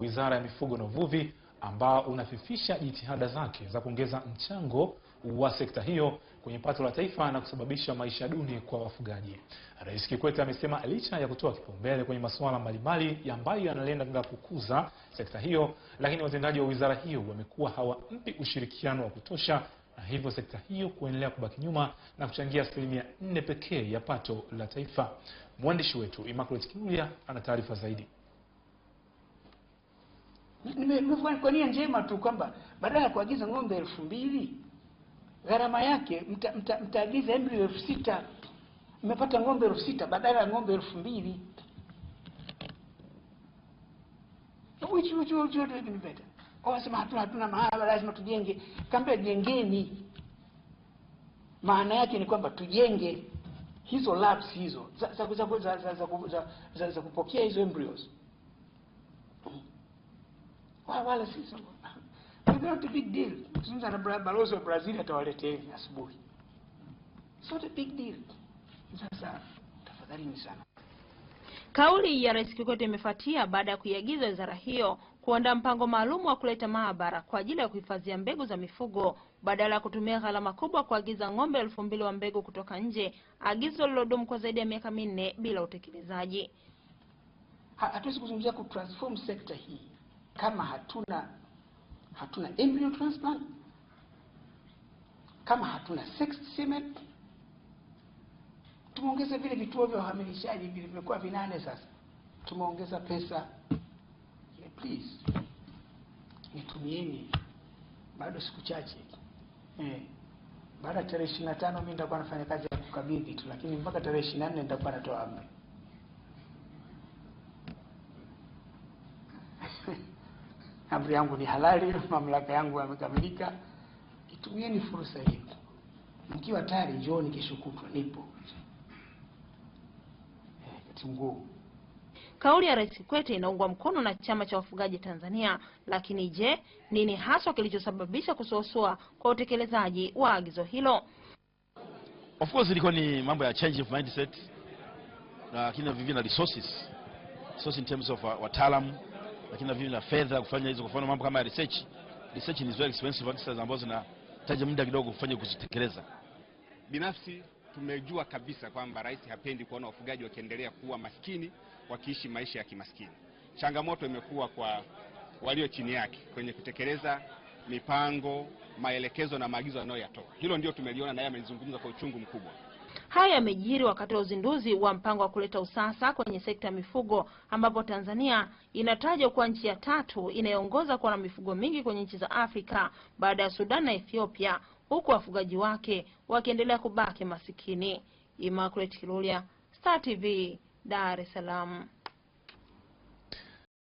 Wizara ya Mifugo na Uvuvi ambao unafifisha jitihada zake za kuongeza mchango wa sekta hiyo kwenye pato la taifa na kusababisha maisha duni kwa wafugaji. Rais Kikwete amesema licha ya kutoa kipaumbele kwenye masuala mbalimbali ambayo yanalenga kukuza sekta hiyo, lakini watendaji wa wizara hiyo wamekuwa hawampi ushirikiano wa kutosha na hivyo sekta hiyo kuendelea kubaki nyuma na kuchangia asilimia nne pekee ya pato la taifa. Mwandishi wetu Immaculate Kinulia ana taarifa zaidi nimefanya kwa nia njema tu kwamba badala ya kuagiza ng'ombe elfu mbili gharama yake mtaagiza mta, mta embryo elfu sita mmepata ng'ombe elfu sita badala ya ng'ombe elfu mbili which Wasema hatuna hatuna mahala, lazima tujenge. Kaambia jengeni, maana yake ni kwamba tujenge hizo labs hizo za za za za kupokea hizo embryos wala, not a big deal. na balozi wa Brazil asubuhi. not a big deal. Sasa tafadhalini sana. Kauli ya Rais Kikwete imefuatia baada ya kuiagiza wizara hiyo kuandaa mpango maalum wa kuleta maabara kwa ajili ya kuhifadhia mbegu za mifugo badala ya kutumia gharama kubwa kuagiza ng'ombe elfu mbili wa mbegu kutoka nje, agizo lilodumu kwa zaidi ya miaka minne bila utekelezaji. Hatuwezi kuzungumzia kutransform sekta hii kama hatuna hatuna embryo transplant, kama hatuna sex semen. Tumeongeza vile vituo vya uhamilishaji vilivyokuwa vinane, sasa tumeongeza pesa. Please nitumieni, bado siku chache eh. Baada ya tarehe ishirini na tano mimi nitakuwa nafanya kazi ya kukabidhi tu, lakini mpaka tarehe ishirini na nne nitakuwa natoa amri amri yangu ni halali, mamlaka yangu yamekamilika. Itumieni fursa hii, mkiwa tayari njooni, kesho kutwa nipo. Eh, tungu. kauli ya Rais Kikwete inaungwa mkono na chama cha wafugaji Tanzania, lakini je, nini haswa kilichosababisha kusuasua kwa utekelezaji wa agizo hilo? Of course ilikuwa ni mambo ya change of mindset, lakini vivyo na resources, resources in terms of uh, wataalamu lakini na vile na fedha kufanya hizo. Kwa mfano mambo kama research, research ni very expensive exercise ambazo zinahitaji muda kidogo kufanya kuzitekeleza. Binafsi tumejua kabisa kwamba rais hapendi kuona wafugaji wakiendelea kuwa maskini, wakiishi maisha ya kimaskini. Changamoto imekuwa kwa walio chini yake kwenye kutekeleza mipango, maelekezo na maagizo anayoyatoa. Hilo ndio tumeliona, naye amelizungumza kwa uchungu mkubwa. Haya yamejiri wakati wa uzinduzi wa mpango wa kuleta usasa kwenye sekta ya mifugo ambapo Tanzania inatajwa kuwa nchi ya tatu inayoongoza kuwa na mifugo mingi kwenye nchi za Afrika baada ya Sudan na Ethiopia, huku wafugaji wake wakiendelea kubaki masikini. Immaculate Kilulia, Star TV, Dar es Salaam.